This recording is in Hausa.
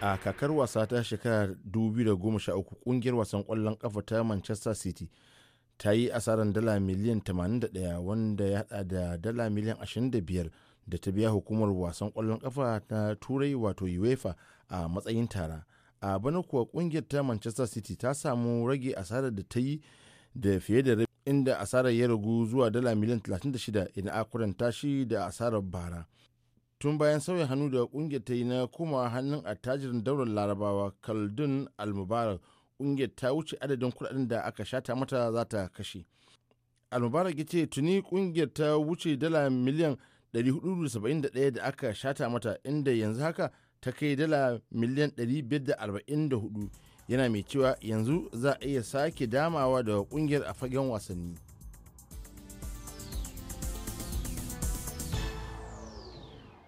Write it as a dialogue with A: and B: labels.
A: a kakar wasa ta shekarar 2013 kungiyar wasan kwallon kafa ta manchester city ta yi asarar dala miliyan 81 wanda ya hada da dala miliyan 25 da ta biya hukumar wasan kwallon kafa ta turai wato uefa a matsayin tara a bana kuwa kungiyar ta manchester city ta samu rage asarar da ta yi da fiye da rabi inda asarar ya ragu zuwa dala miliyan 36 idan akuranta shi da asarar bara tun bayan sauya hannu da kungiyar ta yi na koma hannun attajirin daular larabawa khaldun almubarak kungiyar ta wuce adadin kudaden da aka shata mata za ta kashe almubarak ya ce tuni kungiyar ta wuce dala miliyan 471 da aka shata mata inda yanzu haka ta kai dala miliyan 544 yana mai cewa yanzu za a iya sake damawa da kungiyar a fagen wasanni